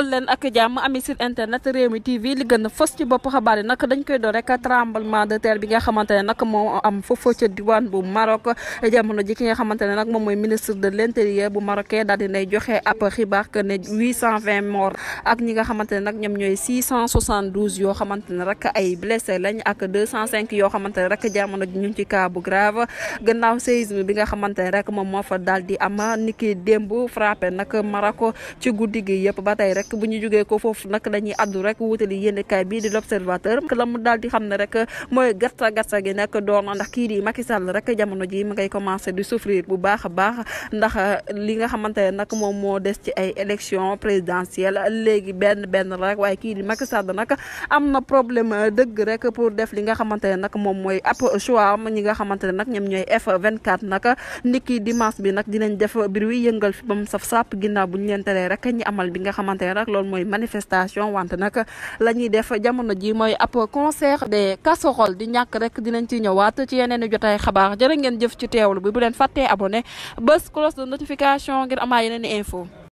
dal leen ak jàmm ami site internet réew mi tv li gën a fës ci bopp xabaar yi nag dañ koy door rek tremblement de terre bi nga xamante ne moo am foofu ca diwaan moom ministre de l'intérieur bu marocain daal dinay joxe ab xibaar que ne 820 morts ak ñi nga xamante ne ñoom ñooy 672 yoo rek ay blessé lañ ak 205 yoo rek jamono ji ci cas bu grave gannaaw séisme bi nga xamante rek moom moo fa daal di am niki démb frappé nag Maroc ci guddi gi ba tey nag bu ñu jógee ko foofu nag dañuy addu rek wutali yéen kaay bii di l'observateur la mu daal di xam ne rek mooy gàtta gàtta gi nag door na ndax kii di Macky Sall rek jamono ji ma ngay commencé di souffrir bu baax a baax ndax li nga xamante ne nag moom moo des ci ay élection présidentielle léegi benn benn rek waaye kii di Macky Sall nag am na problème dëgg rek pour def li nga xamante ne nag moom mooy ab choix am ñi nga xamante ne nag ñoom ñooy F24 nag niki dimanche bi nag dinañ def bruit yëngal fi ba mu saf sàpp ginnaaw bu ñu leen teree rek ñi amal bi nga xamante ne nag loolu mooy manifestation wante nag la ñuy def jamono ji mooy ab concert des casseroles di ñàkk rek dinañ ci ñëwaat ci yeneen i jotaay xabaar jërë ngeen jëf ci teewlu bi bu leen fàttee abonné bés cloche de notification ngir amaa yeneen info